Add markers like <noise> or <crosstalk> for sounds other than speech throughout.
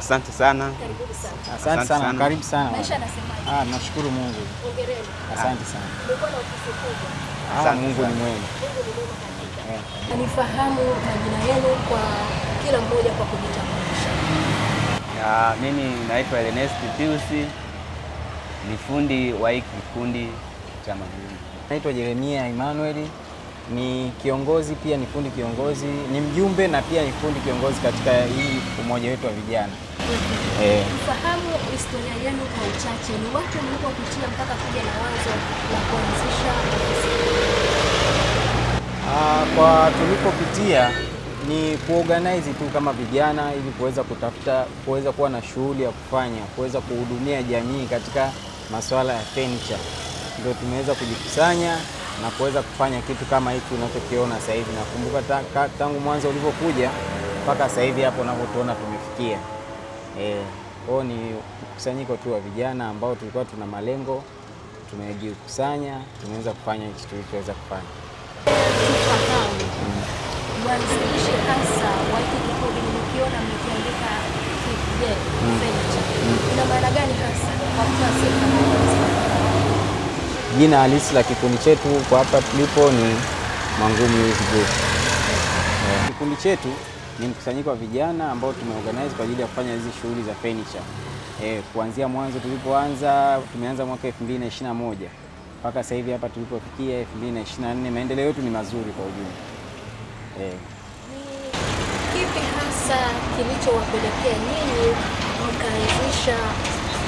Asante sana, asante sana, karibu sana. Maisha Ah, nashukuru Mungu, asante sana. na Ah, Mungu ni mwema. Eh. Nifahamu majina yenu kwa kila mmoja kwa kujitambulisha. Ya, mimi naitwa Ernest Piusi, ni fundi wa hiki kikundi cha Mawimbi. Naitwa Jeremia Emmanuel, ni kiongozi pia ni fundi kiongozi, ni mjumbe na pia ni fundi kiongozi katika hii umoja wetu wa vijana historia yenu kwa uchache, ni watu mlipopitia mpaka kuja na wazo la kuanzisha ah, kwa tulipopitia ni kuorganize tu kama vijana ili kuweza kutafuta kuweza kuwa na shughuli ya kufanya, kuweza kuhudumia jamii katika masuala ya furniture, ndio tumeweza kujikusanya na kuweza kufanya kitu kama hiki unachokiona sasa hivi. Nakumbuka tangu mwanzo ulivyokuja mpaka sasa hivi hapo unavyotuona tumefikia. Eh, kwao ni mkusanyiko tu wa vijana ambao tulikuwa tuna malengo, tumejikusanya, tumeweza kufanya hichi tulichoweza kufanya. Mm. Jina halisi la kikundi chetu kwa hapa tulipo ni Mangumi Youth Group. Eh, kikundi chetu ni mkusanyiko wa vijana ambao tumeorganize kwa ajili ya kufanya hizi shughuli za furniture. E, kuanzia mwanzo tulipoanza, tumeanza mwaka 2021 mpaka sasa hivi hapa tulipofikia 2024, maendeleo yetu ni mazuri kwa ujumla. E. Kipi hasa kilichowapelekea nyinyi mkaanzisha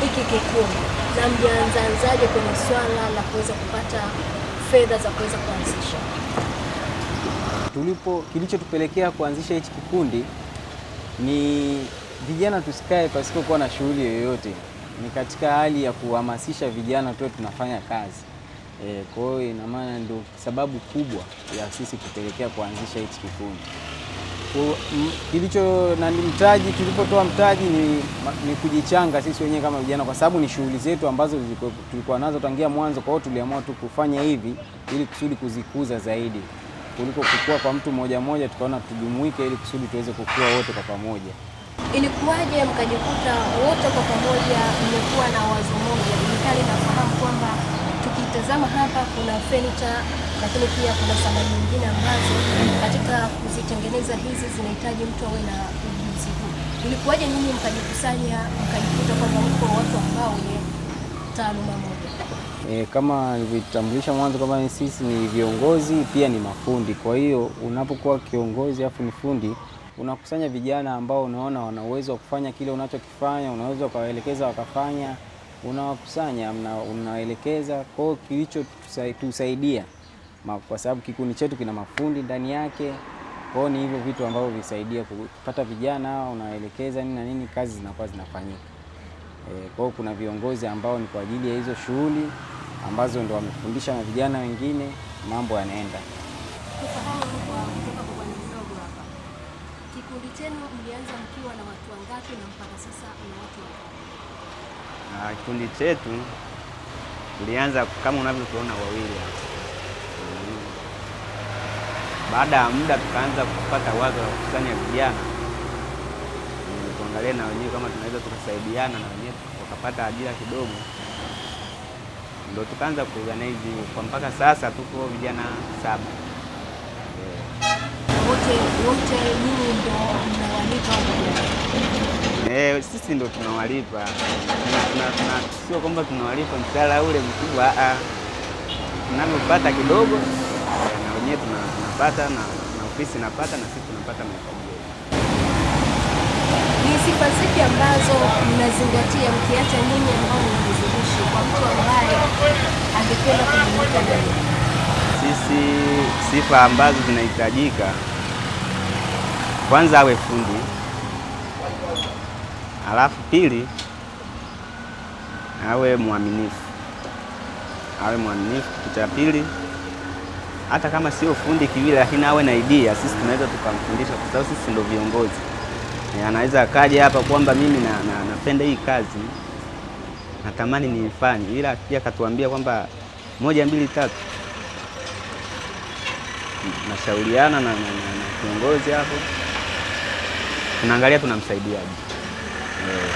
hiki kikundi na mjaanzaanzaje kwenye swala la kuweza kupata fedha za kuweza kuanzisha? tulipo kilichotupelekea kuanzisha hichi kikundi ni vijana tusikae pasipokuwa na shughuli yoyote, ni katika hali ya kuhamasisha vijana tuwe tunafanya kazi e. Kwa hiyo ina maana ndio sababu kubwa ya sisi kupelekea kuanzisha hichi kikundi kilicho na mtaji. Tulipotoa mtaji ni, ni kujichanga sisi wenyewe kama vijana, kwa sababu ni shughuli zetu ambazo tulikuwa nazo tangia mwanzo. Kwa hiyo tuliamua tu kufanya hivi ili kusudi kuzikuza zaidi kuliko kukua kwa mtu mmoja mmoja, tukaona tujumuike ili kusudi tuweze kukua wote kwa pamoja. Ilikuwaje mkajikuta wote kwa pamoja mmekuwa na wazo moja? Nikali nafahamu kwamba tukitazama hapa kuna furniture, lakini pia kuna samani nyingine ambazo katika kuzitengeneza hizi zinahitaji mtu awe na ujuzi huu. Ilikuwaje nyinyi mkajikusanya mkajikuta kwamba mko watu ambao wenye taaluma moja? E, kama nilivyotambulisha mwanzo kwamba sisi ni viongozi pia ni mafundi. Kwa hiyo unapokuwa kiongozi afu ni fundi, unakusanya vijana ambao unaona wana uwezo wa kufanya kile unachokifanya, unaweza ukawaelekeza wakafanya, unawakusanya unawaelekeza. Kwa hiyo kilichotusaidia kwa sababu kikundi chetu kina mafundi ndani yake, kwao ni hivyo vitu ambavyo visaidia kupata vijana, unawaelekeza nini na nini, kazi zinakuwa zinafanyika. E, kwa hiyo kuna viongozi ambao ni kwa ajili ya hizo shughuli ambazo ndo wamefundisha na vijana wengine, mambo yanaenda. Kikundi chenu mlianza mkiwa na watu wangapi na mpaka sasa mna watu wangapi? Kikundi chetu tulianza kama unavyotuona wawili hapa. Mm. Baada ya muda tukaanza kupata wazo la kukusanya vijana tuangalie na wenyewe kama tunaweza tukasaidiana na wenyewe wakapata ajira kidogo, ndo tukaanza kuorganize kwa mpaka sasa tuko vijana saba Eh, sisi ndo tunawalipa, sio kwamba tunawalipa mshahara ule mkubwa, a ah, ah. tunavyopata kidogo eh, na wenyewe tunapata na ofisi napata na sisi tunapata mafanikio sifa zipi ambazo mnazingatia mkiacha nyinyi ambao ni kwa mtu ambaye angependa kujumuika jamii? Sisi sifa ambazo zinahitajika, kwanza awe fundi, alafu pili awe mwaminifu, awe mwaminifu. Kitu cha pili hata kama sio fundi kivile, lakini awe na idea, sisi tunaweza tukamfundisha, kwa sababu sisi ndio viongozi. Eh, anaweza akaja hapa kwamba mimi na, na, napenda hii kazi natamani niifanye, ila akija akatuambia kwamba moja mbili tatu, nashauriana na, na, na kiongozi hapo, tunaangalia tunamsaidiaje. Eh,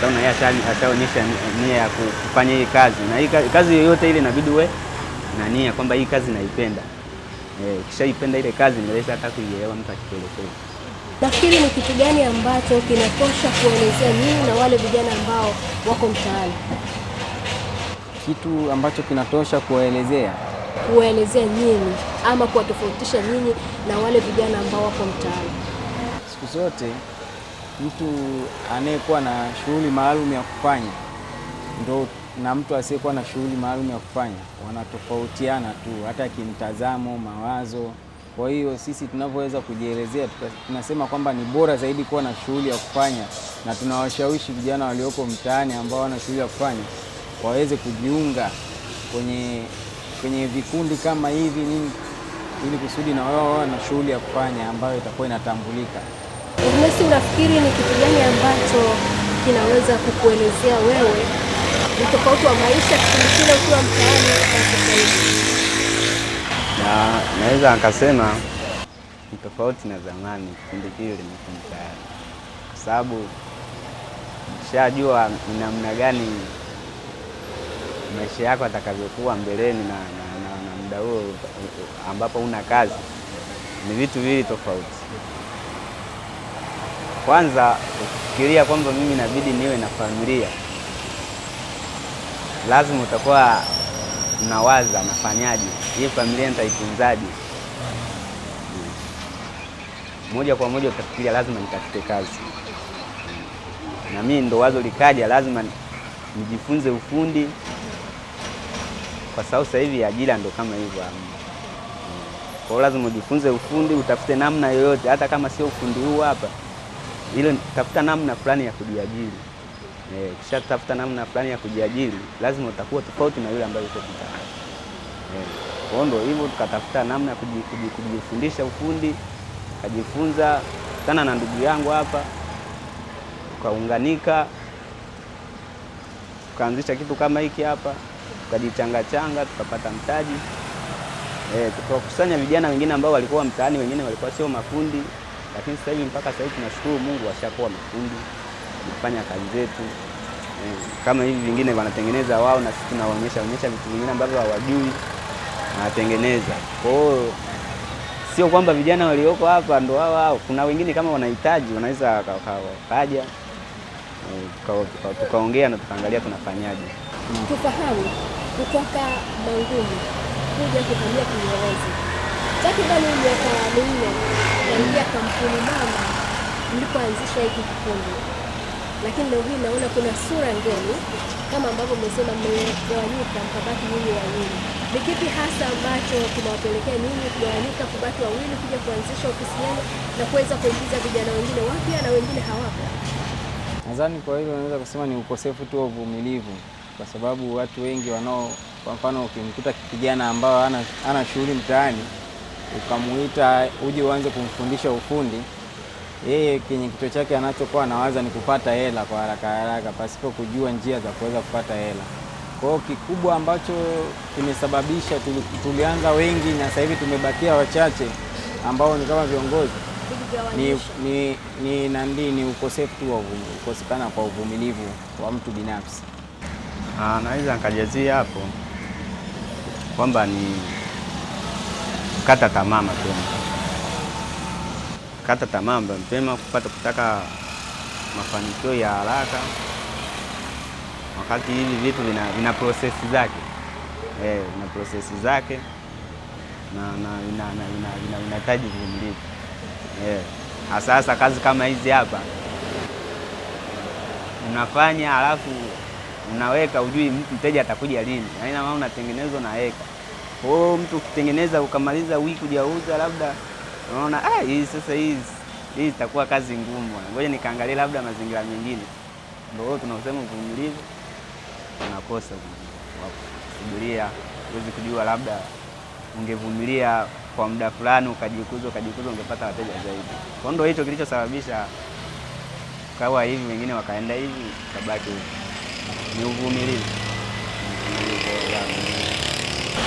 Sasa yeye ashaonyesha nia ya kufanya hii kazi, na hii kazi yoyote ile inabidi we na nia kwamba hii kazi naipenda. Eh, ukishaipenda ile kazi, naweza hata kuielewa mtu akikuelekeza Nafikiri ni kitu gani ambacho kinatosha kuelezea nyinyi na wale vijana ambao wako mtaani? Kitu ambacho kinatosha kuwaelezea kuwaelezea nyinyi ama kuwatofautisha nyinyi na wale vijana ambao wako mtaani? Siku zote mtu anayekuwa na shughuli maalum ya kufanya ndo na mtu asiyekuwa na shughuli maalum ya kufanya wanatofautiana tu, hata kimtazamo, mawazo kwa hiyo sisi tunavyoweza kujielezea, tunasema kwamba ni bora zaidi kuwa na shughuli ya kufanya, na tunawashawishi vijana walioko mtaani ambao wana shughuli ya kufanya waweze kujiunga kwenye, kwenye vikundi kama hivi nini, ili kusudi na wao wawe na shughuli ya kufanya ambayo itakuwa inatambulika. Ernest, unafikiri ni kitu gani ambacho kinaweza kukuelezea wewe tofauti wa maisha kipindi kile ukiwa mtaani? na naweza akasema ni tofauti na zamani. Kipindi kile nikumta, kwa sababu nishajua ni namna gani maisha yako atakavyokuwa mbeleni na, na, na, na muda huo ambapo una kazi, ni vitu viwili tofauti. Kwanza ukifikiria kwamba mimi inabidi niwe na familia, lazima utakuwa mnawaza nafanyaje, hii familia nitaitunzaje? Moja kwa moja utafikiria lazima nitafute kazi, na mimi ndo wazo likaja, lazima nijifunze ufundi, kwa sababu sasa hivi ajira ndo kama hivyo. Kwa hiyo lazima ujifunze ufundi, utafute namna yoyote, hata kama sio ufundi huu hapa, ile tafuta namna fulani ya kujiajiri eh, kisha tafuta namna fulani ya kujiajiri, lazima utakuwa tofauti na yule ambaye uko mtaani. eh. Kwa ndo hivyo tukatafuta namna ya kujifundisha ufundi, kajifunza kana na ndugu yangu hapa, tukaunganika, tukaanzisha kitu kama hiki hapa, tukajichangachanga, tukapata mtaji eh, tukakusanya vijana wengine ambao walikuwa mtaani, wengine walikuwa sio mafundi, lakini sasa hivi mpaka sasa hivi tunashukuru Mungu washakuwa mafundi kufanya kazi zetu e, kama hivi vingine wanatengeneza wao na sisi tunawaonyesha onyesha vitu vingine ambavyo hawajui wanatengeneza. Kwa hiyo sio kwamba vijana walioko hapa ndo hao hao, kuna wengine kama wanahitaji wanaweza wakaja eh, tukaongea na tukaangalia tunafanyaje. Tufahamu kutoka Mangumu kuja kuhamia Kinyerezi takribani miaka minne, naingia kampuni mama mlipoanzisha hiki kikundi lakini leo hii naona kuna sura ngeni kama ambavyo mmesema mmegawanyika mkabaki nyinyi wawili. Ni kipi hasa ambacho kimewapelekea nyinyi kugawanyika, kubaki wawili, kuja kuanzisha ofisi yenu na kuweza kuingiza vijana wengine wapya na wengine hawapo? Nadhani kwa hilo naweza kusema ni ukosefu tu wa uvumilivu, kwa sababu watu wengi wanao, kwa mfano ukimkuta kijana ambao ana, ana shughuli mtaani ukamuita uje uanze kumfundisha ufundi yeye kwenye kichwa chake anachokuwa anawaza ni kupata hela kwa haraka haraka pasipo kujua njia za kuweza kupata hela. Kwa hiyo kikubwa ambacho kimesababisha tulianza wengi na sasa hivi tumebakia wachache ambao ni kama viongozi ni, ni, ni nandi ni ukosefu wa ukosekana kwa uvumilivu wa mtu binafsi. Ah, naweza nikajazia hapo kwamba ni kata tamaa mapema kukata tamaa mapema, kupata kutaka mafanikio ya haraka, wakati hivi vitu vina, vina prosesi zake eh, vina prosesi zake na vinahitaji uvumilivu eh, hasa hasa kazi kama hizi hapa unafanya halafu unaweka ujui mteja atakuja lini, yaani maana unatengenezwa na Kwa hiyo mtu ukitengeneza ukamaliza wiki hujauza labda unaona ah, hii sasa, hii itakuwa kazi ngumu, ngoja nikaangalia labda mazingira mengine. Ndio tunasema uvumilivu unakosa, kusubiria. Huwezi kujua, labda ungevumilia kwa muda fulani, ukajikuza ukajikuza, ungepata wateja zaidi. Kwa ndio hicho kilichosababisha kawa hivi, wengine wakaenda hivi, kabaki hivi, ni uvumilivu.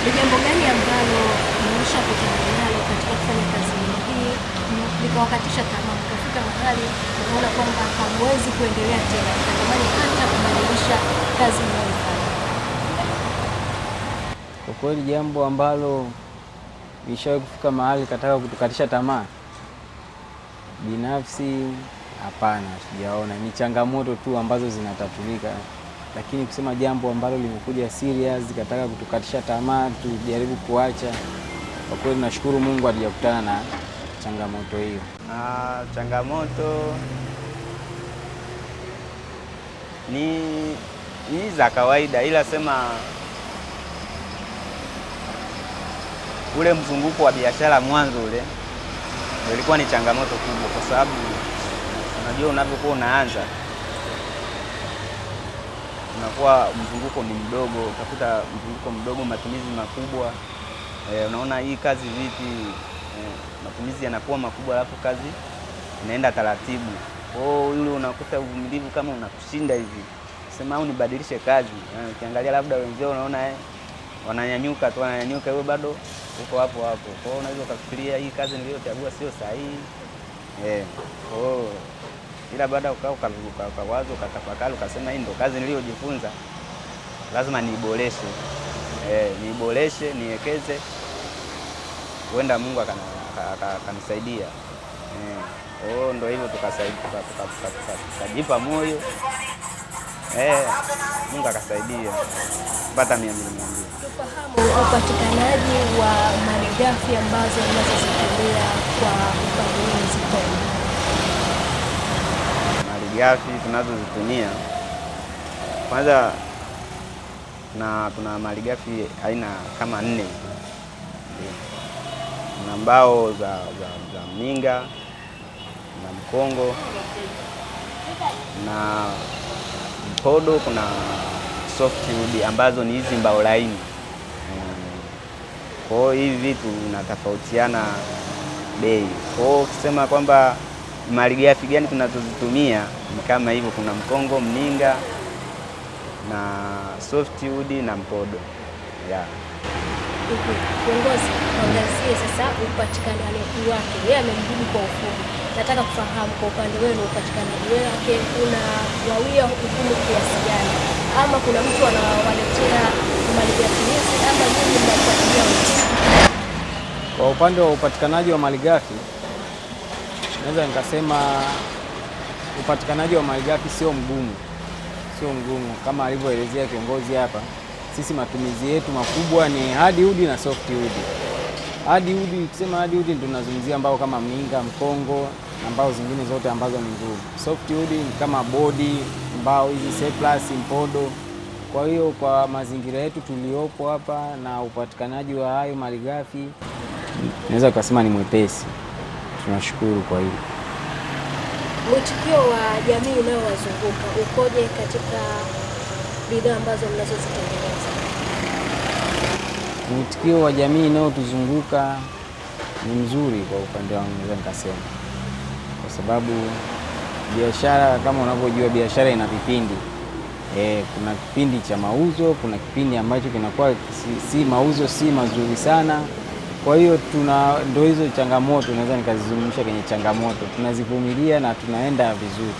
Ni jambo gani ambalo niisha kutana nalo katika kufanya kazi hii, nikawakatisha tamaa, nikafika mahali naona kwamba hamwezi kuendelea tena, natamani hata kubadilisha kazi inayofanya. Kwa kweli jambo ambalo nishawahi kufika mahali kataka kutukatisha tamaa binafsi, hapana, sijaona. Ni changamoto tu ambazo zinatatulika, lakini kusema jambo ambalo limekuja serious kataka kutukatisha tamaa, tujaribu kuacha kwa kweli nashukuru Mungu hatujakutana na changamoto hiyo. Ah, changamoto ni ni za kawaida, ila sema ule mzunguko wa biashara mwanzo ule ilikuwa ni changamoto kubwa, kwa sababu unajua unavyokuwa unaanza unakuwa mzunguko ni mdogo, utakuta mzunguko mdogo, matumizi makubwa Eh, unaona hii kazi vipi Eh, matumizi yanakuwa makubwa, alafu kazi inaenda taratibu. Oh, yule unakuta uvumilivu kama unakushinda hivi, sema au nibadilishe kazi. Eh, ukiangalia labda wenzao unaona eh, wananyanyuka tu wananyanyuka, wewe bado uko hapo hapo. Kwa hiyo unaweza kufikiria hii kazi niliyochagua sio sahihi eh, oh, ila baada ukaa ukawaza ukatafakari ukasema hii ndo kazi niliyojifunza, lazima niiboreshe eh, niiboreshe niwekeze huenda Mungu akanisaidia. Eh, oh, ndio hivyo tukajipa moyo eh, Mungu akasaidia pata mia mbili mia mbili. Tufahamu upatikanaji wa malighafi ambazo mnazozitumia kwa upande wa Zikoni. Malighafi tunazozitumia kwanza, na tuna malighafi aina kama nne na mbao za, za, za mninga na mkongo na mpodo, kuna softwood ambazo ni hizi mbao laini. Kwa hiyo hivi vitu vinatofautiana bei. Kwa hiyo ukisema kwamba malighafi gani tunazozitumia ni kama hivyo, kuna mkongo, mninga na softwood na mpodo yeah kiongozi waangazie sasa upatikanaji wake. Yeye amemjibu kwa ufupi. Nataka kufahamu kwa upande wenu upatikanaji wake kuna wawia hukumu kiasi gani, ama kuna mtu anawaletea malighafi ama nini mnafuatilia? Kwa upande wa upatikanaji wa malighafi, naweza nikasema upatikanaji wa malighafi sio mgumu, sio mgumu kama alivyoelezea kiongozi hapa sisi matumizi yetu makubwa ni hardwood na softwood. Hardwood, ukisema hardwood ndio tunazungumzia mbao kama mninga, mkongo na mbao zingine zote ambazo ni ngumu. Softwood ni kama bodi, mbao hizi surplus, mpodo. Kwa hiyo kwa mazingira yetu tuliopo hapa na upatikanaji wa hayo malighafi, naweza kusema ni mwepesi. Tunashukuru kwa hiyo. Mwitikio wa jamii inayowazunguka ukoje katika bidhaa ambazo mnazozitengeneza? Mwitikio wa jamii inayotuzunguka ni mzuri kwa upande wangu, naweza nikasema, kwa sababu biashara kama unavyojua biashara ina vipindi e, kuna kipindi cha mauzo, kuna kipindi ambacho kinakuwa si, si mauzo si mazuri sana. Kwa hiyo tuna ndo hizo changamoto, naweza nikazizungumsha kwenye changamoto, tunazivumilia na tunaenda vizuri.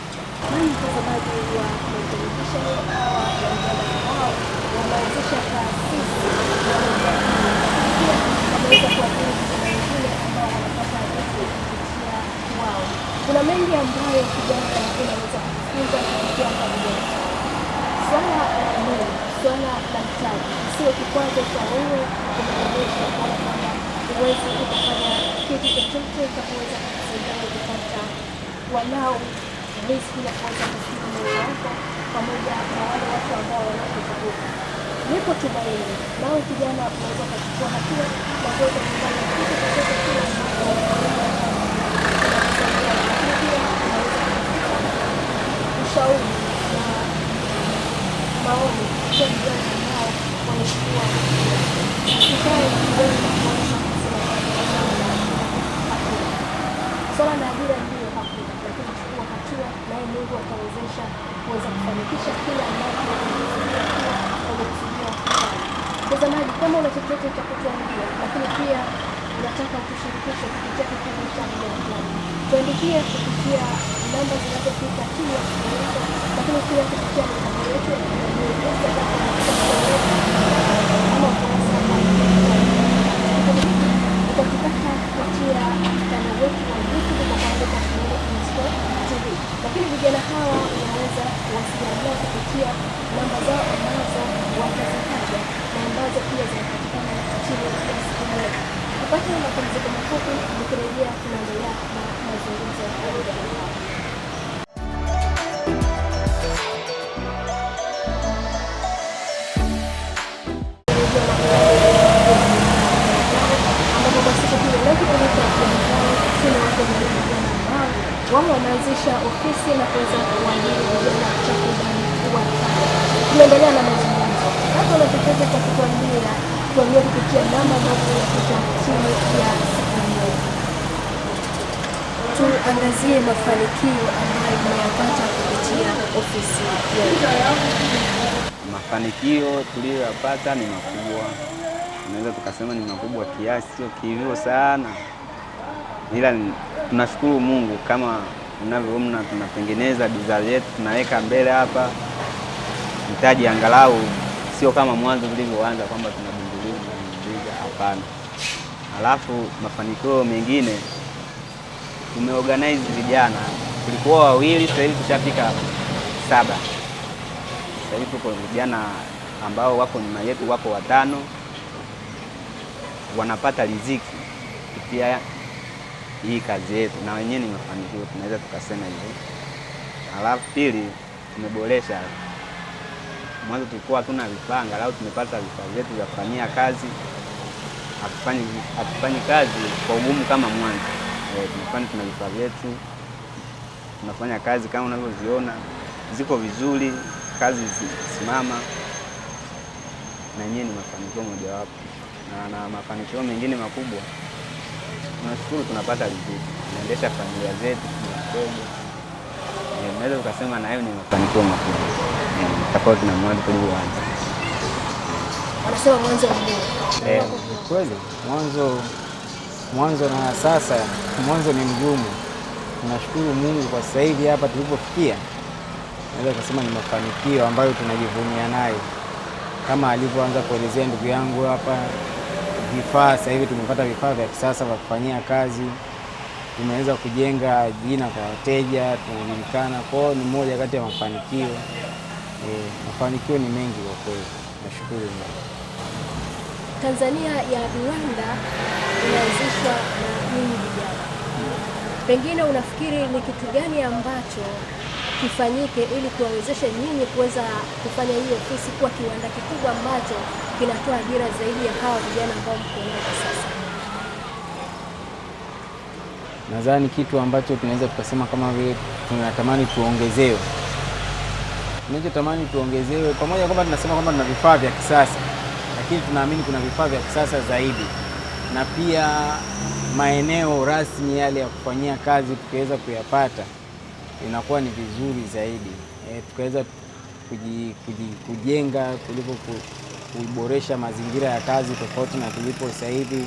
kuweza kuweza kusaidia kukusaidia kupata walau riziki ya kuweza kufika moyo wako pamoja na wale watu ambao wanakuzunguka. Nipo tumaini nao kijana unaweza kuchukua hatua na kuweza kufanya kitu chochote kile ushauri na maoni kwa vijana ambao wamekuwa Swala la ajira ndiyo hapo, lakini chukua hatua, naye Mungu atawezesha kuweza kufanikisha kile ambacho amekusudia kuwa amekusudia Mtazamaji, kama una chochote cha kutuambia, lakini pia unataka kushirikisha kupitia kipindi cha Mjadala Jamii, tuandikie kupitia namba zinazopita chini ya kielezo, lakini pia kupitia mitandao yetu ya kijamii ama ukurasa wa kupitia mtandao wetu wa YouTube kwa kuandika Tunaweza Tunasoma TV. Lakini vijana hawa wanaweza kuwasiliana kupitia namba zao ambazo watazitaja na ambazo pia zinapatikana chini ya simu yetu. Kupata mapumziko mafupi, nikirejea tunaendelea na mazungumzo ya kuanzisha ofisi na kuweza kuajiri vijana takribani watano. Tunaendelea na mazungumzo hapo, wanajitokeza kwa kutuambia kuambia kupitia namba ambazo zinapita chini ya Tuangazie mafanikio ambayo tumeyapata kupitia ofisi yetu. Mafanikio tuliyoyapata ni makubwa, tunaweza tukasema ni makubwa kiasi, sio kivyo sana, ila tunashukuru Mungu kama unavyoona tunatengeneza bidhaa yetu tunaweka mbele hapa, mtaji angalau sio kama mwanzo tulivyoanza kwamba tunabunduliza hapana. Alafu mafanikio mengine tumeorganize vijana, tulikuwa wawili, sasa hivi tushafika saba. Sasa hivi tuko vijana ambao wako nyuma yetu, wako watano, wanapata riziki kupitia hii kazi yetu, na wenyewe ni mafanikio, tunaweza tukasema hivyo. Alafu pili, tumeboresha. Mwanzo tulikuwa hatuna vifaa, angalau tumepata vifaa vyetu vya kufanyia kazi, hatufanyi kazi kwa ugumu kama mwanzo. Eh, tunafanya, tuna vifaa vyetu, tunafanya kazi kama unavyoziona ziko vizuri, kazi zisimama na yenyewe ni mafanikio mojawapo, na na mafanikio mengine makubwa tunashukuru tunapata riziki, tunaendesha familia zetu, tunakodi. Eh, naweza ukasema na hayo ni mafanikio makubwa eh, tofauti na mwanzo tulivyoanza. mwanzo eh, kweli, mwanzo mwanzo na sasa, mwanzo ni mgumu. Tunashukuru Mungu kwa sasa hivi hapa tulipofikia, naweza kusema ni mafanikio ambayo tunajivunia nayo, kama alivyoanza kuelezea ndugu yangu hapa vifaa. Sasa hivi tumepata vifaa vya kisasa vya kufanyia kazi, tumeweza kujenga jina kwa wateja, tunajulikana. Kwa ni moja kati ya mafanikio e, mafanikio ni mengi kwa kweli, nashukuru Mungu. Tanzania ya viwanda inaanzishwa na nyinyi vijana, pengine unafikiri ni kitu gani ambacho kifanyike ili kuwawezeshe nyinyi kuweza kufanya hii ofisi kuwa kiwanda kikubwa ambacho kinatoa ajira zaidi ya hawa vijana ambao mko nao kwa sasa. Nadhani kitu ambacho tunaweza tukasema kama vile tunatamani tuongezewe, tunachotamani tuongezewe, pamoja kwamba tunasema kwamba tuna vifaa vya kisasa, lakini tunaamini kuna vifaa vya kisasa zaidi, na pia maeneo rasmi yale ya kufanyia kazi tukiweza kuyapata inakuwa ni vizuri zaidi e, tukaweza kujenga kuliko kuboresha mazingira ya kazi tofauti na tulipo sasa hivi.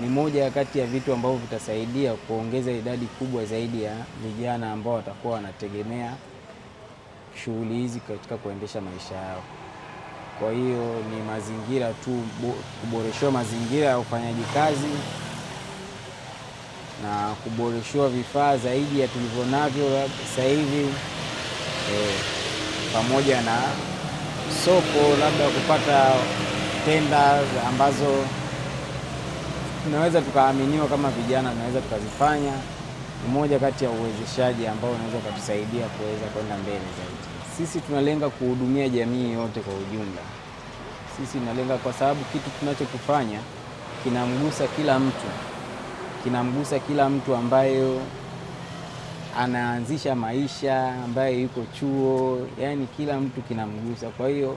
Ni moja kati ya vitu ambavyo vitasaidia kuongeza idadi kubwa zaidi ya vijana ambao watakuwa wanategemea shughuli hizi katika kuendesha maisha yao. Kwa hiyo ni mazingira tu, kuboreshewa mazingira ya ufanyaji kazi na kuboreshwa vifaa zaidi ya navyo sasa hivi e, pamoja na soko labda kupata tenda ambazo tunaweza tukaaminiwa kama vijana tunaweza tukazifanya. Ni moja kati ya uwezeshaji ambao unaweza ukatusaidia kuweza kwenda mbele zaidi. Sisi tunalenga kuhudumia jamii yote kwa ujumla. Sisi tunalenga kwa sababu kitu tunachokifanya kinamgusa kila mtu kinamgusa kila mtu ambayo anaanzisha maisha, ambaye yuko chuo, yani kila mtu kinamgusa. Kwa hiyo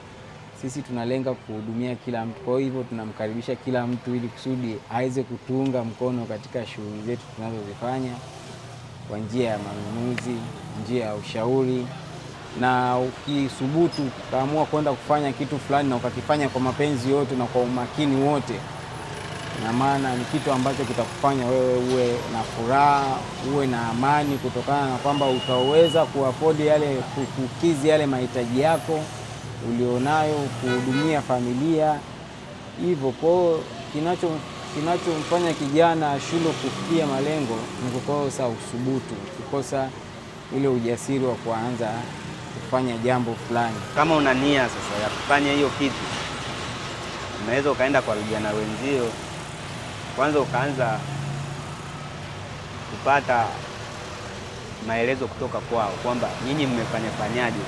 sisi tunalenga kuhudumia kila mtu, kwa hivyo tunamkaribisha kila mtu ili kusudi aweze kutuunga mkono katika shughuli zetu tunazozifanya kwa njia ya manunuzi, njia ya ushauri. Na ukisubutu ukaamua kwenda kufanya kitu fulani na ukakifanya kwa mapenzi yote na kwa umakini wote na maana ni kitu ambacho kitakufanya wewe uwe na furaha, uwe na amani, kutokana na kwamba utaweza kuafodi yale, kukizi yale mahitaji yako ulionayo, kuhudumia familia hivyo. Kwa hiyo kinacho kinachomfanya kijana ashindwe kufikia malengo ni kukosa usubutu, kukosa ile ujasiri wa kuanza kufanya jambo fulani. Kama una nia sasa ya kufanya hiyo kitu, unaweza ukaenda kwa vijana wenzio kwanza ukaanza kupata maelezo kutoka kwao kwamba nyinyi mmefanyafanyaje, e,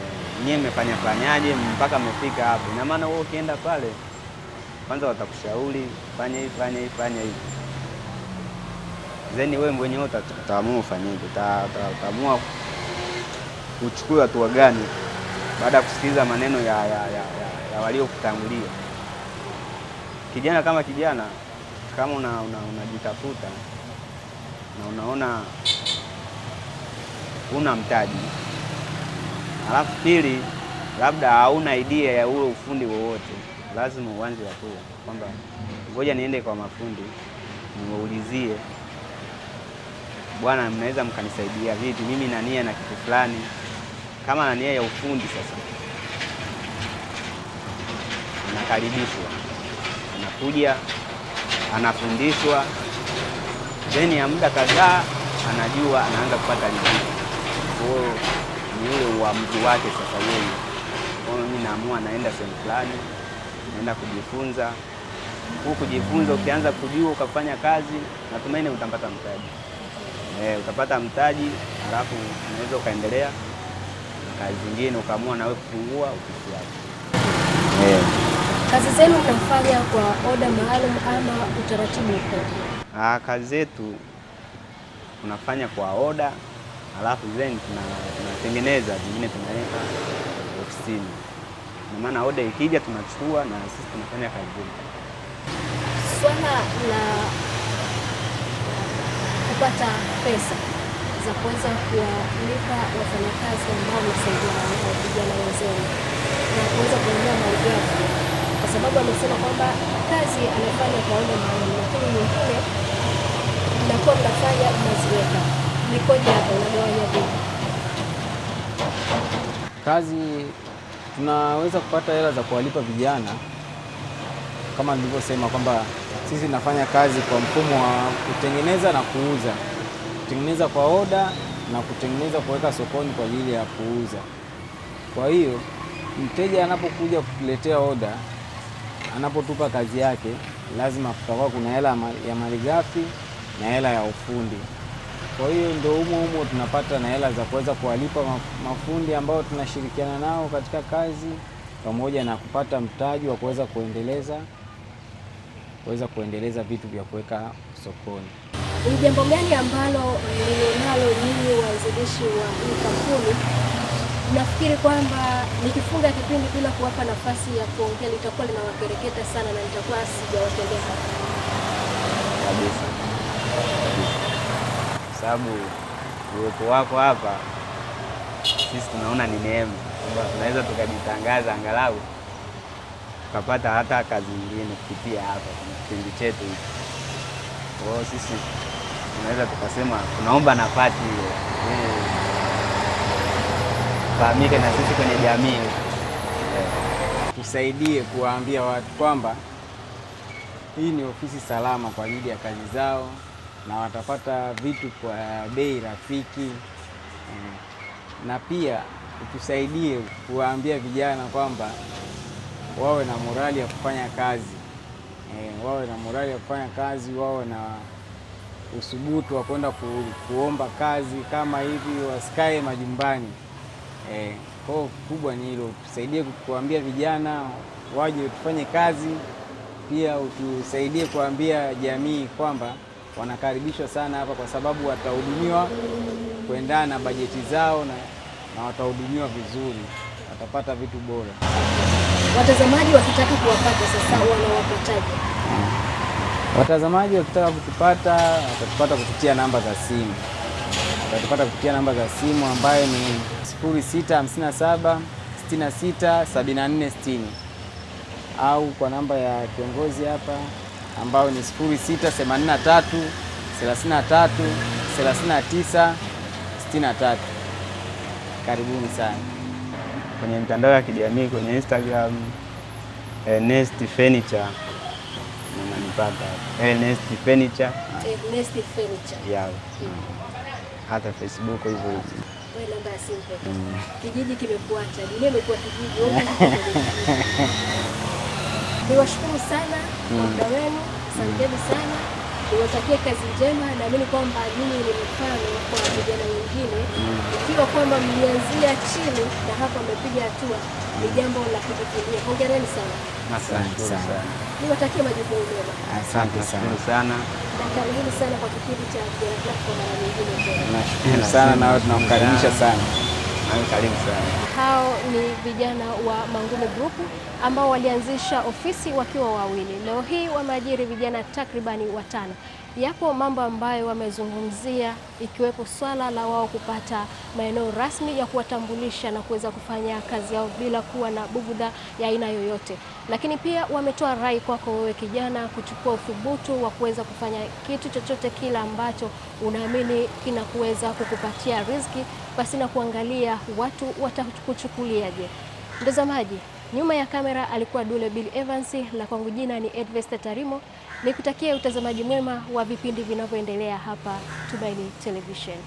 eh, nyinyi mmefanyafanyaje mpaka mmefika hapo. Ina maana wewe ukienda pale kwanza watakushauri fanya hivi fanya hivi fanya hivi, zeni wewe mwenyewe utaamua ufanyeje, utaamua kuchukua hatua gani baada ya kusikiliza maneno ya, ya, ya, ya, ya waliokutangulia kijana kama kijana, kama unajitafuta una, una na unaona una mtaji alafu pili labda hauna idea ya ule ufundi wowote, lazima uanze hatua kwamba ngoja niende kwa mafundi niwaulizie, bwana, mnaweza mkanisaidia vipi? Mimi na nia na kitu fulani, kama na nia ya ufundi. Sasa nakaribishwa anakuja anafundishwa, then ya muda kadhaa anajua anaanza kupata riziki. Kwa ni ule uamuzi wake sasa yeye. mimi naamua naenda sehemu fulani, naenda kujifunza huu kujifunza. Ukianza kujua ukafanya kazi, natumaini utapata mtaji e, utapata mtaji, halafu unaweza ukaendelea kazi zingine, ukaamua nawe kupungua ofisi yako. Kazi zenu mnafanya kwa oda maalum ama utaratibu uko? Ah, kazi zetu tunafanya kwa oda, alafu then tunatengeneza vingine tunaweka ofisini. Ndio maana oda ikija tunachukua na sisi tunafanya kazi zetu. Swala la kupata pesa za kuweza kuwalipa wafanyakazi ambao wanasaidia na vijana wenzenu na kuweza kununua malighafi sababu amesema kwamba kazi anafanya kwa ule maalum, lakini nyingine mnakuwa mnafanya mnaziweka mikoja hapa, unagawanya vipi kazi? Tunaweza kupata hela za kuwalipa vijana kama nilivyosema kwamba sisi tunafanya kazi kwa mfumo wa kutengeneza na kuuza, kutengeneza kwa oda na kutengeneza kuweka sokoni kwa ajili ya kuuza. Kwa hiyo mteja anapokuja kukuletea oda anapotupa kazi yake, lazima kutakuwa kuna hela ya malighafi na hela ya ufundi. Kwa hiyo ndio humo humo tunapata na hela za kuweza kuwalipa mafundi ambao tunashirikiana nao katika kazi, pamoja na kupata mtaji wa kuweza kuendeleza kuweza kuendeleza vitu vya kuweka sokoni. Ni jambo gani ambalo lilionalo nyinyi wazilishi wa hii kampuni Nafikiri kwamba nikifunga kipindi bila kuwapa nafasi ya kuongea litakuwa linawakereketa sana na nitakuwa sijawatendea kabisa, kwa sababu uwepo wako hapa sisi tunaona ni neema kwamba tunaweza tukajitangaza angalau tukapata hata kazi nyingine kupitia hapa kwenye kipindi chetu hiki. Kwa hiyo sisi tunaweza tukasema tunaomba nafasi hiyo wafahamike na sisi kwenye jamii Tusaidie kuwaambia watu kwamba hii ni ofisi salama kwa ajili ya kazi zao na watapata vitu kwa bei rafiki Na pia tusaidie kuwaambia vijana kwamba wawe na morali ya kufanya kazi e, wawe na morali ya kufanya kazi, wawe na usubutu wa kwenda ku, kuomba kazi kama hivi, wasikae majumbani. Eh, kubwa ni hilo, tusaidie kuambia vijana waje tufanye kazi, pia utusaidie kuambia jamii kwamba wanakaribishwa sana hapa, kwa sababu watahudumiwa kuendana na bajeti zao na, na watahudumiwa vizuri, watapata vitu bora. Watazamaji wakitaka kuwapata sasa, wanawapataje? Watazamaji wakitaka kutupata, watatupata kupitia namba za simu, watatupata kupitia namba za simu ambayo ni 0657 au kwa namba ya kiongozi hapa ambayo ni 0683 33 Karibuni sana kwenye mitandao ya kijamii kwenye Instagram Ernest Furniture nanipata Ernest Furniture, Ernest Furniture. Yeah. Mm. Hata Facebook hivyo hivyo namba ya simu Kijiji kimekuacha, dunia imekuwa kijiji. <laughs> Niwashukuru sana kwa muda wenu, asanteni sana niwatakie kazi njema. Naamini kwamba ninyi ni mfano kwa vijana wengine, ikiwa kwamba mlianzia chini na hapa mmepiga hatua, ni jambo la kujivunia. Hongereni sana, asante sana, niwatakie majukumu mema. Asante sana sana kwa kipindi cha Vijana Club kwa mara nyingine tena, nashukuru sana, nawe tunamkaribisha sana karibu sana. Hao ni vijana wa Mangumi Group ambao walianzisha ofisi wakiwa wawili. Leo hii wameajiri vijana takribani watano. Yapo mambo ambayo wamezungumzia ikiwepo swala la wao kupata maeneo rasmi ya kuwatambulisha na kuweza kufanya kazi yao bila kuwa na bugudha ya aina yoyote, lakini pia wametoa rai kwako wewe kijana kuchukua uthubutu wa kuweza kufanya kitu chochote kile ambacho unaamini kinakuweza kukupatia riziki, basi na kuangalia watu watakuchukuliaje. Mtazamaji, nyuma ya kamera alikuwa Dule Bill Evans, la kwangu jina ni Edvesta Tarimo. Nikutakia utazamaji mwema wa vipindi vinavyoendelea hapa Tumaini Television.